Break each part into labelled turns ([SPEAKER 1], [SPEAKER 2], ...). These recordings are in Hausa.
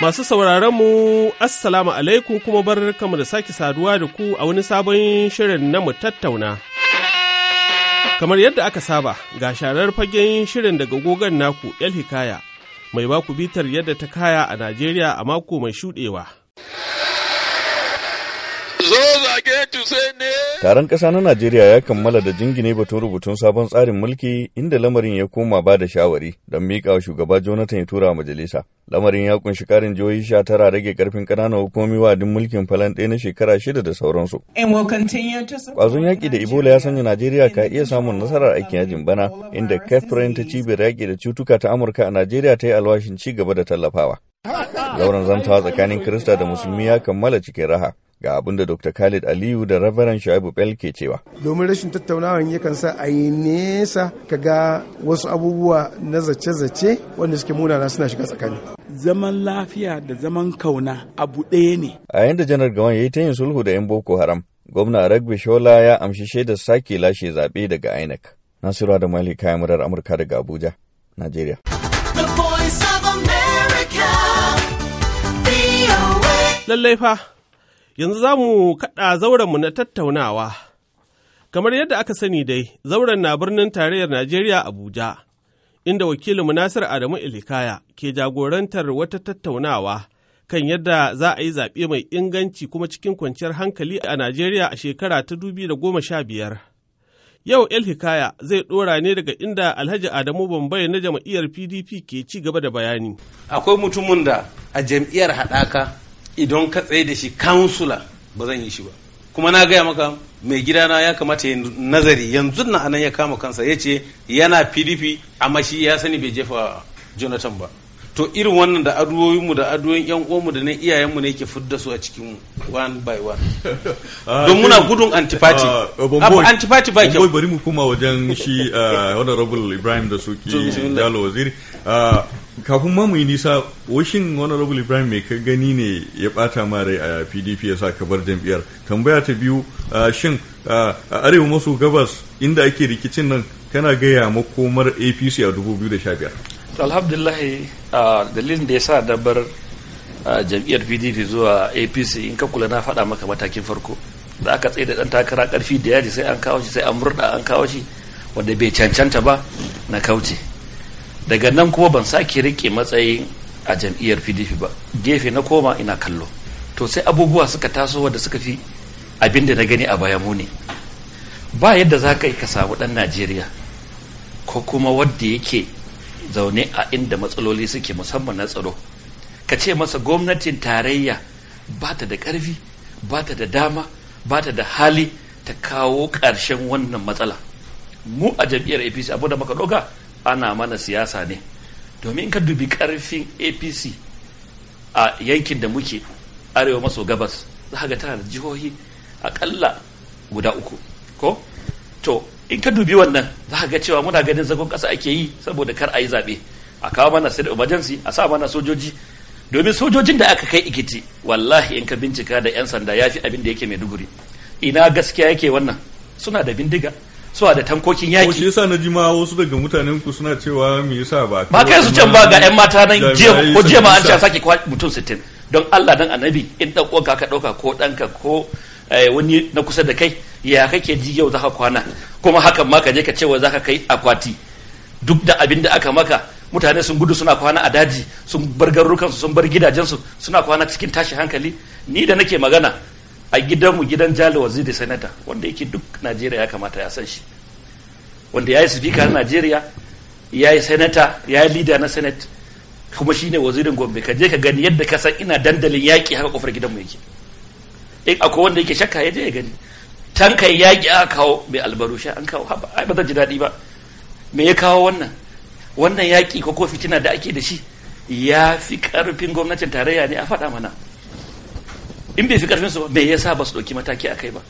[SPEAKER 1] Masu sauraron mu Assalamu alaikum kuma bar da sake saduwa da ku a wani sabon shirin na mu tattauna. Kamar yadda aka saba, ga sharar fagen shirin daga gogon naku El Hikaya, mai ba ku bitar yadda ta kaya a Najeriya a mako mai shuɗewa.
[SPEAKER 2] Zo zage tu sai ne Taron ƙasa na Najeriya ya kammala da jingine batun rubutun sabon tsarin mulki inda lamarin ya koma ba da shawari don miƙa wa shugaba Jonathan ya tura majalisa. Lamarin ya kunshi ƙarin jihohi sha tara rage karfin ƙananan hukumomi wadin mulkin falan ɗaya na shekara shida da sauransu.
[SPEAKER 1] Ƙwazon
[SPEAKER 2] yaƙi da Ebola ya sanya Najeriya ka iya samun nasarar aikin yajin bana inda Catherine ta cibiyar yaƙi da cutuka ta Amurka a Najeriya ta yi alwashin ci gaba da tallafawa.
[SPEAKER 1] Zauren zantawa tsakanin Kirista
[SPEAKER 2] da Musulmi ya kammala cikin raha. ga abin da Dr. Khalid Aliyu da Rabaran Shaibu Bel ke cewa.
[SPEAKER 1] Domin rashin tattaunawa yakan sa a yi nesa ka ga wasu abubuwa na zace-zace wanda suke munana suna shiga tsakani. Zaman lafiya da zaman kauna
[SPEAKER 2] abu ɗaya ne. A yanda janar gawan ya yi ta yin sulhu da 'yan Boko Haram, gwamna Ragbi Shola ya amshi shaidar sake lashe zaɓe daga INEC. Nasiru da Mali kayan murar Amurka daga Abuja, Najeriya.
[SPEAKER 1] lallai fa Yanzu za mu kaɗa zauren mu na tattaunawa. Kamar yadda aka sani dai, zauren na birnin tarayyar Najeriya Abuja, inda Wakilin Nasir Adamu Ilikaya ke jagorantar wata tattaunawa kan yadda za a yi zaɓe mai inganci kuma cikin kwanciyar hankali a Najeriya a shekara ta da biyar. Yau Ilikaya zai ɗora ne daga inda Alhaji Adamu Bambai na jam'iyyar PDP ke ci gaba da bayani. Akwai mutumin da a jam'iyyar haɗaka idan ka tsaye da shi kansula ba zan yi shi ba kuma na gaya maka mai gidana ya kamata ya nazari yanzu na anan ya kama kansa ya ce yana pdp amma shi ya sani bai jefa jonathan ba to irin wannan da aduwoyinmu da aduwoyin yan uwanmu da na iyayenmu ne yake fudda su a cikin one by one don muna gudun antipati ah, eh, antipati ba kyau
[SPEAKER 2] bari mu kuma wajen shi ah, honorable ibrahim da suke dalo waziri ah, kafin ma yi nisa washin honorable ibrahim mai ka gani ne ya bata ma rai a pdp ya sa kabar jam'iyyar tambaya ta biyu shin a arewa maso gabas inda ake rikicin nan kana gaya makomar apc a 2015
[SPEAKER 3] a dalilin da ya sa dabar bar jam'iyyar pdp zuwa apc in ka kula na faɗa maka matakin farko da aka tsaye da ɗan takara ƙarfi da yaji sai an kawo shi sai an murɗa an kawo shi wanda bai cancanta ba na kauce daga nan kuma ban sake rike matsayin a jam'iyyar pdp ba gefe na koma ina kallo to sai abubuwa suka taso wadda suka fi abin da na gani a baya muni ba yadda za ka yi ka samu ɗan najeriya ko kuma wadda yake zaune a inda matsaloli suke musamman na tsaro ka ce masa gwamnatin tarayya ba ta da ƙarfi ba ta da dama ba ta da hali ta kawo ƙarshen wannan matsala mu a jam'iyyar apc abu da muka ɗoga ana mana siyasa ne domin ka dubi karfin apc a yankin da muke arewa maso gabas za ga tana da jihohi akalla guda uku ko to in ka dubi wannan za ga cewa muna ganin zagon ƙasa ake yi saboda kar a yi zaɓe a kawo mana state emergency a sa mana sojoji domin sojojin da aka kai ikiti wallahi in ka bincika da 'yan sanda ya fi abin da yake duguri ina gaskiya yake wannan suna da bindiga Suwa da tankokin yaki ko
[SPEAKER 2] yasa na ji ma wasu daga mutanen ku suna cewa me yasa ba ba kai su can ba ga yan mata nan jiya ko jiya ma an ce sake
[SPEAKER 3] mutum 60 don Allah dan annabi in dan uwanka ka ɗauka ko danka ko eh, wani na kusa da kai ya kake ji yau zaka kwana kuma hakan ma ka je ka cewa zaka kai akwati duk da abin da aka maka mutane sun gudu suna kwana a daji sun bar garurukansu sun bar gidajensu suna kwana cikin tashi hankali ni da nake magana a gidanmu gidan jalo da senator wanda yake duk najeriya ya kamata ya san shi wanda ya yi sifika na najeriya ya yi senator ya yi lida na senate kuma shi ne wazirin gombe ka je ka gani yadda ka san ina dandalin yaƙi haka kofar gidanmu yake in akwai wanda yake shakka ya je ya gani kai yaƙi aka kawo mai albarusha an kawo haba ai ba zan ji daɗi ba me ya kawo wannan wannan yaƙi ko fitina da ake da shi ya fi ƙarfin gwamnatin tarayya ne a faɗa mana in bai fi karfin su me yasa ba su dauki mataki kai ba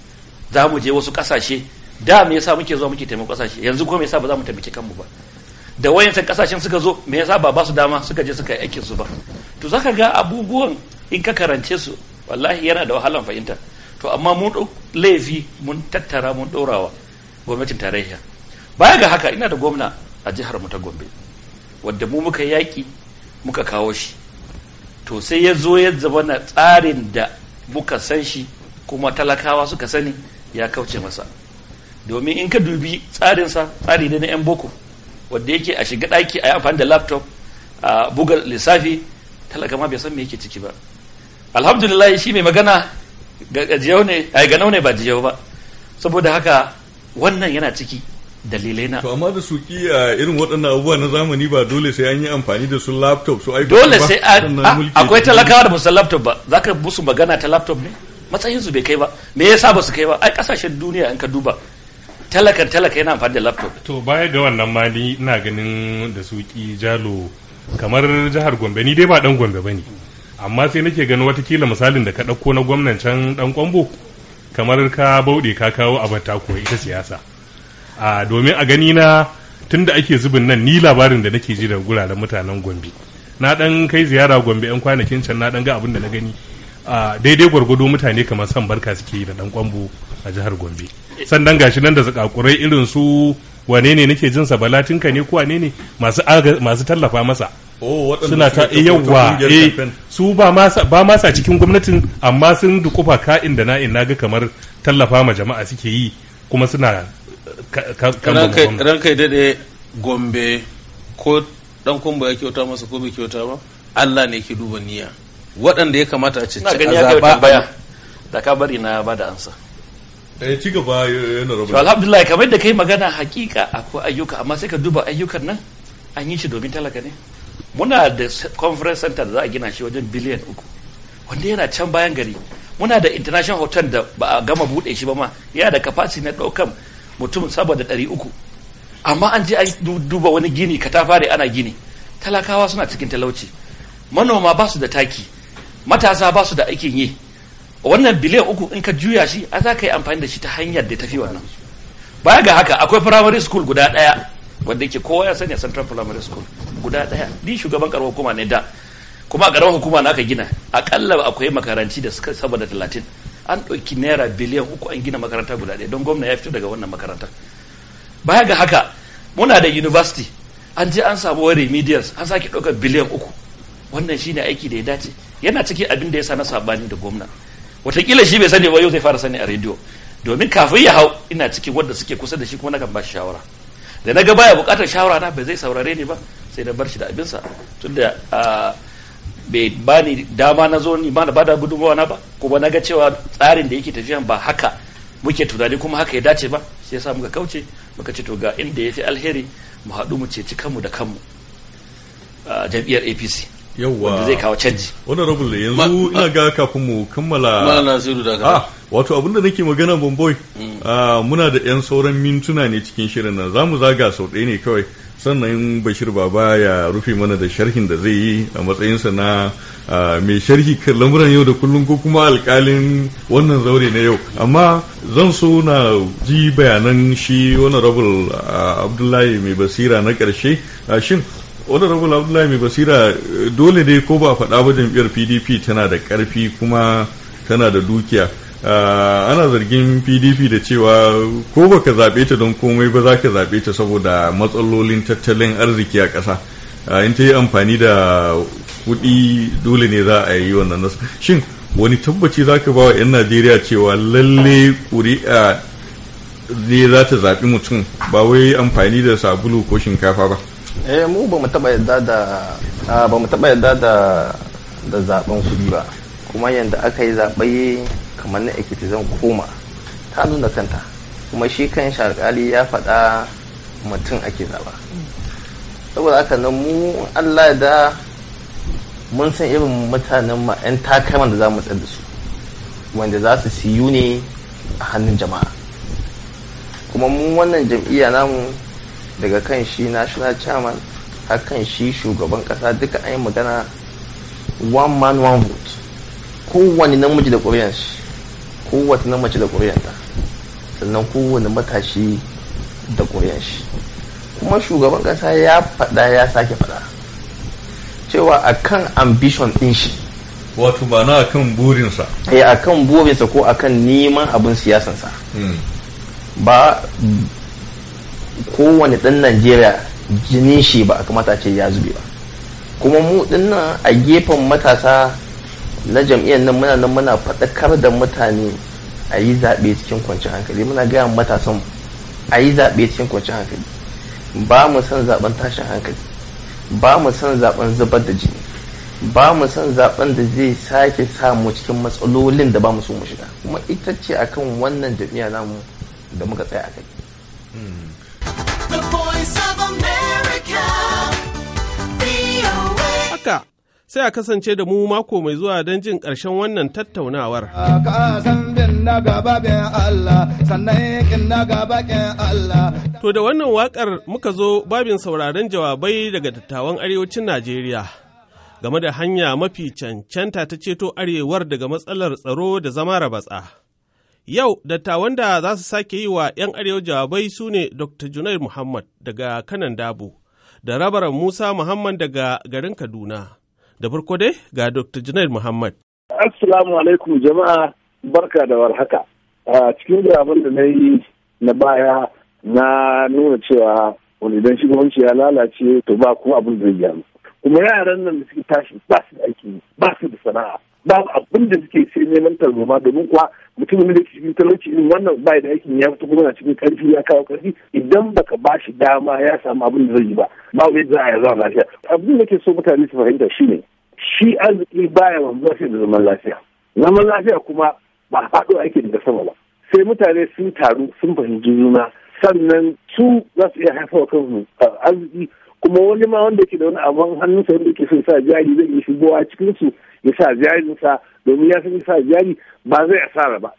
[SPEAKER 3] za mu je wasu kasashe da me yasa muke zuwa muke taimako kasashe yanzu ko me yasa ba za mu taimaki kanmu ba da sai kasashen suka zo me yasa ba ba su dama suka je suka yi aikin su ba to zaka ga abubuwan in ka karance su wallahi yana da wahalan fahimta to amma mu ɗau laifi mun tattara mun daurawa gwamnatin tarayya baya ga haka ina da gwamna a jihar mu ta gombe wanda mu muka yaki muka kawo shi to sai ya zo ya zaba na tsarin da muka san shi kuma talakawa suka sani ya kauce masa domin in ka dubi tsarinsa tsari ne na 'yan boko wadda yake a shiga ɗaki a yi amfani da laptop a buga lissafi talaka ma bai san me yake ciki ba alhamdulillah shi mai magana ga ne ba jiyau ba saboda haka wannan yana ciki dalilai na to
[SPEAKER 2] amma da su kiya irin waɗannan abubuwa na zamani ba dole sai an yi amfani da su laptop su iPhone dole sai
[SPEAKER 3] akwai talakawa da
[SPEAKER 2] musu laptop ba
[SPEAKER 3] za ka musu magana ta laptop ne matsayin su bai kai ba me yasa ba su kai ba ai kasashen duniya in ka duba
[SPEAKER 4] talakan talaka yana amfani da laptop to baya ga wannan ma ni ina ganin da su jalo kamar jihar Gombe ni dai ba dan Gombe bane amma sai nake ganin watakila misalin da ka ɗauko na gwamnan can dan Kwambo kamar ka bauɗe ka kawo abata ko ita siyasa a domin a gani na tunda ake zubin nan ni labarin da nake ji daga guraren mutanen Gombe na dan kai ziyara Gombe yan kwanakin can na dan ga abin da na gani a daidai gwargwado mutane kamar san barka suke yi da dan kwambo a jihar Gombe sannan gashi nan da zakakurai irin su wane ne nake jinsa balatinka ne ko wane ne masu masu tallafa masa
[SPEAKER 2] oh, suna ta eh, yawa eh,
[SPEAKER 4] su ba masa cikin gwamnatin amma sun dukufa ka'in da na'in ga kamar tallafa ma jama'a suke yi kuma suna
[SPEAKER 1] rankai daɗe gombe ko dan kumba ya kyauta masa ko bai kyauta ba allah ne ke duba niyya waɗanda ya kamata a ce
[SPEAKER 3] a zaɓa
[SPEAKER 1] da ka bari na ba da ansa
[SPEAKER 2] eh ci gaba yana eh, eh, rabu alhamdulillah
[SPEAKER 3] kamar da kai magana hakika akwai ayyuka amma sai ka duba ayyukan nan an yi shi domin talaka ne muna da conference center da za a gina shi wajen biliyan uku wanda yana can bayan gari muna da international hotel da ba a gama buɗe shi ba ma ya da capacity na ɗaukan mutum saboda ɗari uku amma an je a duba wani gini katafare ana gini talakawa suna cikin talauci manoma ba su da taki matasa ba su da aikin yi wannan biliyan uku in ka juya shi a za ka yi amfani da shi ta hanyar da tafi wannan baya ga haka akwai primary school guda ɗaya wanda ke kowa ya sanya central primary school guda ɗaya ni shugaban karuwa kuma ne da kuma a ƙaramar hukuma na aka gina akalla akwai makaranti da suka saboda talatin an ɗauki naira biliyan uku an gina makaranta guda ɗaya don gwamna ya fito daga wannan makaranta baya ga haka muna da university an je an samu wani remedials an sake ɗaukar biliyan uku wannan ne aiki da ya dace yana cikin abin da ya sa na saɓani da gwamna watakila shi bai sani ba yau zai fara sani a rediyo domin kafin ya hau ina cikin wanda suke kusa da shi kuma nakan ba shawara da na ga baya buƙatar shawara na bai zai saurare ni ba sai na bar shi da abinsa tunda ah, bai ba ni dama na zo ni ma na bada gudunmawa na ba kuma na ga cewa tsarin da yake tafiyan ba haka muke tunani kuma haka ya dace ba sai ya sa muka kauce muka ce to ga inda ya fi alheri mu haɗu mu ceci kanmu da kanmu a jam'iyyar apc
[SPEAKER 2] yawwa wanda zai kawo canji wani rabin da yanzu ina ga kafin mu kammala na da ka wato abin da nake magana bomboy mm. ah, muna da yan sauran mintuna ne cikin shirin nan zamu zaga sau ɗaya ne kawai sannan bashir baba ya rufe mana da sharhin da zai yi a matsayinsa na mai sharhi kan lamuran yau da kullum ko kuma alkalin wannan zaure na yau amma zan so na ji bayanan shi wani rabul abdullahi mai basira na ƙarshe shin rabul abdullahi mai basira dole ne ko ba faɗa ba jam'iyyar pdp tana da ƙarfi kuma tana da dukiya Ah, ana zargin pdp da cewa ko ba ka zaɓe ta don komai ba za ka zaɓe ta saboda matsalolin tattalin arziki a ƙasa ah, in ta yi amfani da kuɗi dole ne za a yi wannan nasu shin wani tabbaci za ka ba wa 'yan najeriya cewa lalle ƙuri'a ne za ta zaɓi mutum ba wai amfani da sabulu ko shinkafa ba
[SPEAKER 5] eh mu ba mu taɓa yadda da ba mu taɓa yadda da zaɓen kuɗi ba kuma yadda aka yi zaɓe kamar na ekiti zan koma ta nuna kanta kuma shi kan alkali ya faɗa mutum ake zaba saboda haka nan mu allah da mun san irin mutanen ma 'yan takarar da za mu tsar da su wanda za su siyu ne a hannun jama'a kuma mu wannan jam'iyya namu daga kan shi national chairman har kan shi shugaban kasa duka an yi magana one man one vote kowane namiji da ƙuri'ansu kowace na mace da ƙuri'anta sannan kowane matashi da ƙuryan shi kuma shugaban ƙasa ya faɗa ya sake faɗa cewa akan ambition ɗin shi wato ba na akan burinsa eh kan burinsa ko a kan neman abin siyasansa hmm. ba kowane ɗan najeriya jinin shi ba a kamata ce ya zube ba kuma mu nan a gefen matasa na jam'iyyar nan muna nan muna faɗakar da mutane a yi zaɓe cikin kwanciyar hankali muna gaya matasan a yi zaɓe cikin kwanciyar hankali ba mu son zaɓen tashin hankali ba mu son zaɓen zubar da jini ba mu son zaɓen da zai sake samu cikin matsalolin da ba mu so mu shiga kuma ita ce akan wannan jami'a namu da muka
[SPEAKER 1] tsaya a kai haka sai a kasance da mu mako mai zuwa don jin ƙarshen wannan tattaunawar. To da wannan waƙar muka zo babin sauraron jawabai daga dattawan arewacin Najeriya game da hanya mafi cancanta ta ceto arewar daga matsalar tsaro da zama rabatsa. Yau, dattawan da za su sake yi wa 'yan arewa jawabai su ne Dr. Junaid Muhammad daga kanan Dabo da rabaran Musa Muhammad daga garin Kaduna. Da farko dai ga Dr. Junaid Muhammad. Assalamu
[SPEAKER 6] alaikum jama'a barka da warhaka. A cikin abin da na yi na baya na nuna cewa wani idan shugabanci ya lalace to ba kuma abin da ya Kuma yaran nan da suke tashi ba su da aiki ba su da sana'a. ba abin da suke sai neman tarzoma domin kuwa mutumin da ke cikin talauci irin wannan bai da aikin ya fito kuma na cikin karfi ya kawo karfi idan baka ba shi dama ya samu abin da zai yi ba ba wai za a yi zama lafiya abin da ke so mutane su fahimta shi ne. shi arziki baya ma shi da zaman lafiya zaman lafiya kuma ba faɗo aikin da sama ba sai mutane sun taru sun fahimci juna sannan su za su iya wa kansu ah, arziki kuma wani ma wanda ke da wani abin hannunsa wanda ke son sa jari zai yi shigowa cikin su ya sa jarinsa domin ya san sa jari ba zai asara ba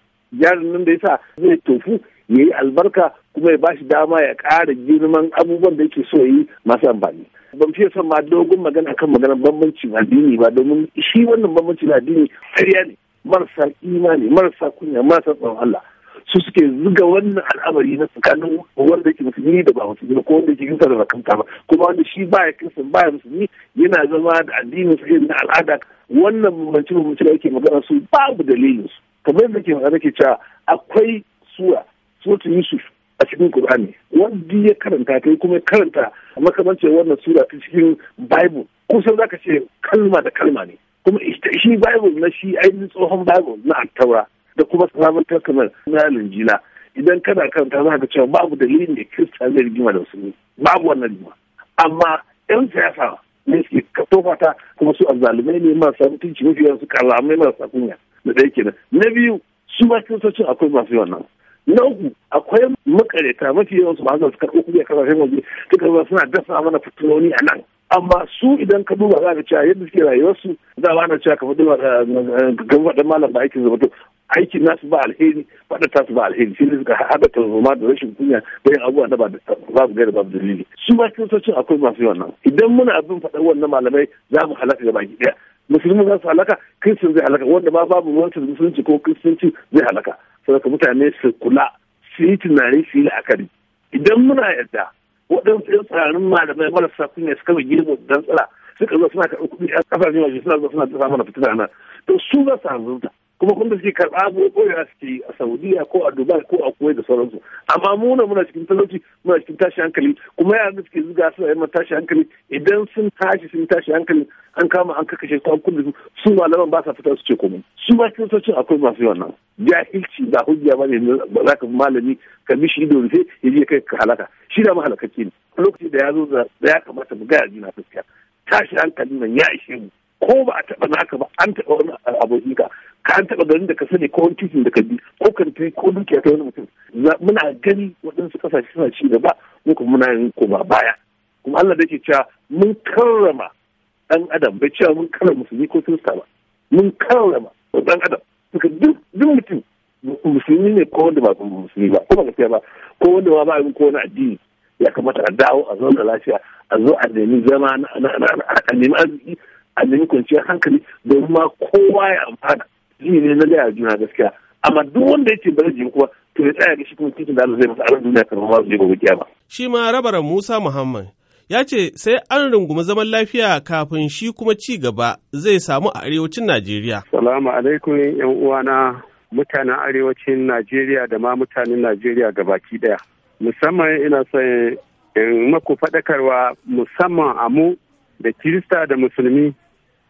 [SPEAKER 6] jarin nan da ya sa zai tofu ya yi albarka kuma ya ba shi dama ya ƙara girman abubuwan da yake so ya yi masu amfani ban fiye son ma dogon magana kan magana bambancin addini ba domin shi wannan bambancin addini ƙarya ne marasa imani marasa kunya marasa tsawon Allah su suke zuga wannan al'amari na tsakanin wanda ke musulmi da ba musulmi ko wanda ke yusa da bakanta ba kuma wanda shi baya ba baya musulmi yana zama da addinin su irin na al'ada wannan bambance bambance da ake magana su babu dalilin su kamar yadda ke magana ke cewa akwai sura suratul yusuf a cikin Qur'ani wanda ya karanta kai kuma ya karanta makamancin wannan sura ta cikin Bible kusan zaka ce kalma da kalma ne kuma shi Bible na shi ainihin tsohon Bible na Attaura da kuma sabon testament na jila idan kana karanta za ka cewa babu dalilin da kirista zai rigima da musulmi babu wannan rigima amma yan siyasa ne suke tofa ta kuma su azzalumai ne marasa mutunci mafi yawan su kalamai marasa kunya da ɗaya kenan na biyu su ma kiristocin akwai masu yawan nan na uku akwai makareta mafi yawan su ba su karɓo kuɗi a kasashen waje suka zama suna dasa mana fitiloni a nan amma su idan ka duba za ka cewa yadda suke rayuwarsu za ba na cewa kamar duba eh, ga malam ba aikin zama to aikin nasu ba alheri faɗa su ba alheri sai suka haɗa tarzoma da rashin kunya da yin abubuwa da ba babu gaira babu dalili su ma kiristocin akwai masu yawan nan idan muna abin faɗa wannan malamai za mu halaka gaba ki ɗaya musulmi za su halaka kiristin zai halaka wanda ma babu wancan musulunci ko kiristanci zai halaka saboda mutane su kula su yi tunani su yi la'akari idan muna yarda waɗansu yan tsaranin malamai marasa kunya suka kama girma dan tsara suka zo suna karɓar kuɗi a ƙasashen waje suna zo suna ta mana fitina nan to su za su hanzarta kuma da suke karɓa ko ya suke a saudiya ko a dubai ko a kuwait da sauransu amma muna muna cikin talauci muna cikin tashi hankali kuma yaran da suke zuga suna yamma tashi hankali idan sun tashi sun tashi hankali an kama an kakashe su an kunda su malaman ba sa fitar su ce komai su ma kiristocin akwai masu yawan nan jahilci ba hujja ba ne za ka malami ka bi shi ido rufe ya je kai ka halaka shi da mahalakacce ne lokaci da ya zo da ya kamata mu gaya juna gaskiya tashi hankali nan ya ishe mu ko ba a taɓa naka ba an taɓa wani abokin ka ka an taɓa garin da ka sani ko wani titin da ka bi ko kanti ko dukiya ta wani mutum muna gani waɗansu ƙasashe suna ci gaba mu kuma muna yin koma baya kuma Allah da ke cewa mun karrama ɗan adam bai cewa mun karrama musulmi ko kirista ba mun karrama ɗan adam suka duk mutum musulmi ne ko wanda ba musulmi ba ko ba ka ba ko wanda ba ba ko wani addini ya kamata a dawo a zauna lafiya a zo a nemi zama a nemi arziki a nemi kwanciyar hankali domin ma kowa ya amfana ji ne na gaya juna gaskiya amma duk wanda yake bari jin kuma to ya tsaya da shi kuma titin da Allah zai masa
[SPEAKER 1] a duniya kamar ma zai je gobe kiyama shi ma rabaran Musa Muhammad ya ce sai an rungumi zaman lafiya kafin shi kuma ci gaba zai samu a arewacin Najeriya. Salamu alaikum
[SPEAKER 6] yan uwana mutanen arewacin Najeriya da ma mutanen Najeriya gabaki daya. Musamman ina son in maku faɗakarwa musamman a mu da Kirista da Musulmi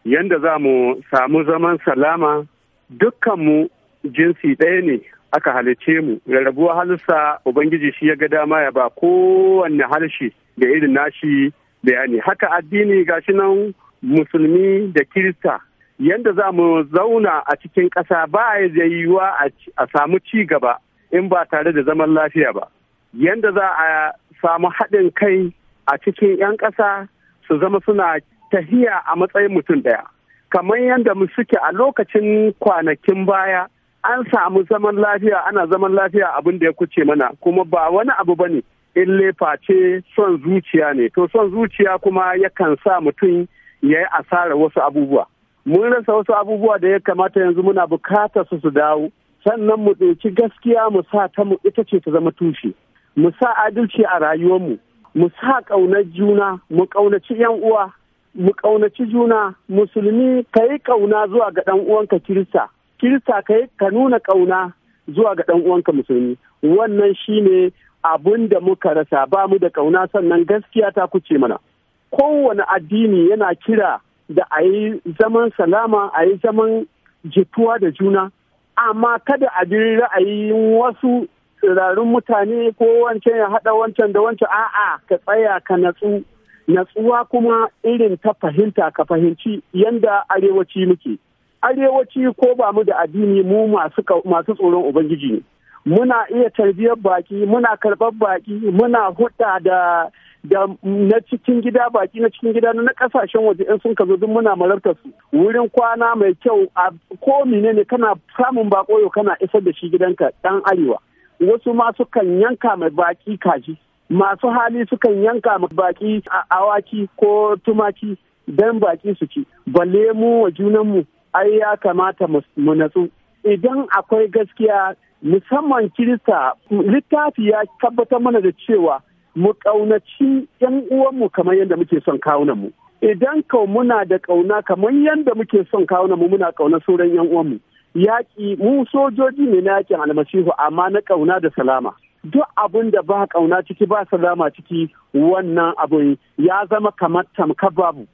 [SPEAKER 6] yanda za mu samu zaman salama dukkanmu jinsi ɗaya ne aka halice mu rarrabuwa halissa ubangiji shi ya ga dama ya ba kowanne harshe da irin nashi bayani haka addini gashi nan musulmi da kirista yanda za mu zauna a cikin ƙasa ba yi yiwuwa a samu ci gaba in ba tare da zaman lafiya ba yanda za a samu haɗin kai a cikin 'yan ƙasa su zama suna tahiya a matsayin mutum ɗaya kamar yadda mu suke a lokacin kwanakin baya an samu zaman lafiya ana zaman lafiya abin da ya kuce mana kuma ba wani abu ba ne in lefa ce son zuciya ne to son zuciya kuma yakan sa mutum ya yi asarar wasu abubuwa mun rasa wasu abubuwa da ya kamata yanzu muna bukatar su su dawo sannan mu ɗauki gaskiya mu sa ta mu ita ce ta zama tushe mu sa adalci a rayuwarmu mu sa ƙaunar juna mu ƙaunaci yan uwa mu ƙaunaci juna musulmi ka yi ƙauna zuwa ga ɗan uwanka kirista kirista ka yi ka nuna ƙauna zuwa ga ɗan uwanka musulmi wannan shine abin da muka rasa ba mu da ƙauna sannan gaskiya ta kuce mana kowane addini yana kira da a yi zaman salama a yi zaman jituwa da juna amma kada a bi ra'ayin wasu tsirarin mutane ko wancan ya haɗa wancan da wancan a'a ka tsaya ka natsu natsuwa kuma irin ta fahimta ka fahimci yanda arewaci muke arewaci ko ba mu da addini mu masu tsoron ubangiji ne muna iya tarbiyar baki muna karɓar baki muna huɗa da da na cikin gida baki na cikin gida na kasashen waje in sun kazo duk muna mararta su wurin kwana mai kyau a ko ne kana samun bako kana isar da shi gidanka dan arewa wasu ma sukan yanka mai baki kaji masu hali sukan yanka baki a awaki ko tumaki don baki su ci balle mu wa junanmu ai ya kamata mu natsu idan akwai gaskiya musamman kirista littafi ya tabbatar mana da cewa mu ƙaunaci 'yan uwanmu kamar yadda muke son kawunanmu idan kau muna da ƙauna kamar yadda muke son kawunanmu muna ƙauna sauran 'yan uwanmu yaƙi mu sojoji ne na yaƙin almasihu amma na ƙauna da salama duk abin da ba kauna ciki ba salama ciki wannan abu ya zama kamar tamkar babu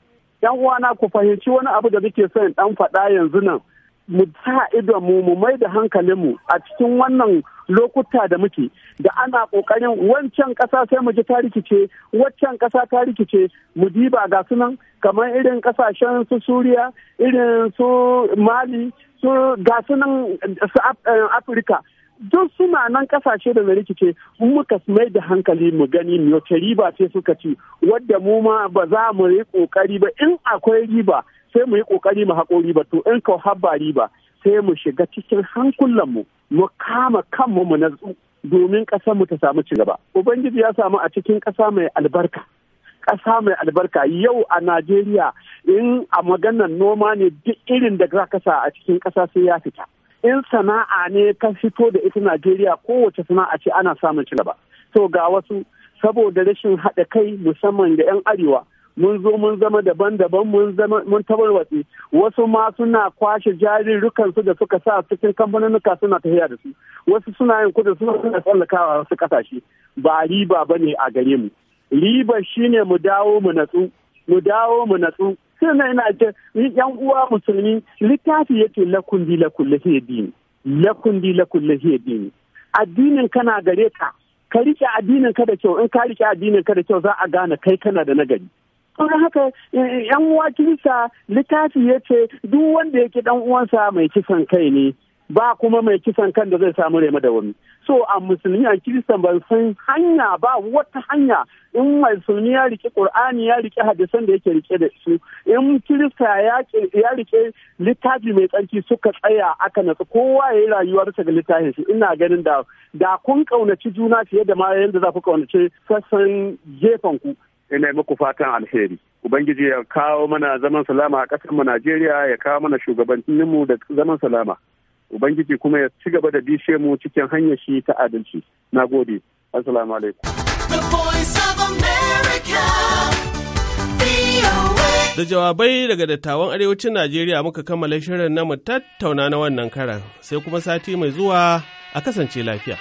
[SPEAKER 6] yan uwana ku fahimci wani abu da muke son dan faɗa yanzu nan mu sa idon mu mu mai da hankalin mu a cikin wannan lokuta da muke da ana kokarin wancan ƙasa sai mu ji ta rikice waccan ƙasa ta rikice mu diba ga sunan kamar irin ƙasashen su suriya irin su mali su ga sunan su eh, afirka don suna nan kasashe da rikice mun muka mai da hankali mu gani wace riba ce suka ci wadda mu ma ba za mu yi kokari ba in akwai riba sai mu yi kokari mu haƙo riba to in ka habba riba sai mu shiga cikin hankulan mu mu kama kanmu mu na domin ƙasar mu ta samu cigaba ubangiji ya samu a cikin ƙasa mai albarka ƙasa mai albarka yau a najeriya in a maganar noma ne duk irin da za ka sa a cikin ƙasa sai ya fita in sana'a ne ta fito da ita Najeriya kowace sana'a ce ana samun ci gaba. To ga wasu saboda rashin haɗa kai musamman ga 'yan arewa mun zo mun zama daban-daban mun zama mun wasu ma suna kwashe jarirukan su da suka sa cikin kamfanonuka suna tafiya da su wasu suna yin kudin suna suna tsallakawa wasu kasashe ba riba bane a gare mu riba shine mu dawo mu natsu mu dawo mu natsu shi ina yan uwa musulmi littafi yake lakundi lakulle ya dini lakundi lakulle ya dini addinin kana gare ka ka rike addinin ka da kyau in ka rike addinin ka da kyau za a gane kai kana da nagari don haka eh, yan uwa kirista littafi ya ce duk wanda yake dan uwansa mai kisan kai ne ba kuma mai kisan kan da zai samu rema da wani so a musulmi a kiristan ban san hanya ba wata hanya in musulmi ya rike qur'ani ya rike hadisan da yake rike da su in kirista ya rike littafi mai tsarki suka tsaya aka natsu kowa ya yi rayuwarsa ga littafin shi ina ganin da da kun kaunaci juna fiye da ma yadda za ku kaunaci sassan gefen ku ina muku fatan alheri ubangiji ya kawo mana zaman salama a ƙasar mu Najeriya ya kawo mana shugabanninmu da zaman salama ubangiji kuma ya ci gaba da bishe mu cikin hanyar shi ta adalci na gode
[SPEAKER 1] assalamu alaikum Da jawabai daga dattawan arewacin Najeriya muka kammala shirin na mu tattauna na wannan karan sai kuma sati mai zuwa a kasance lafiya.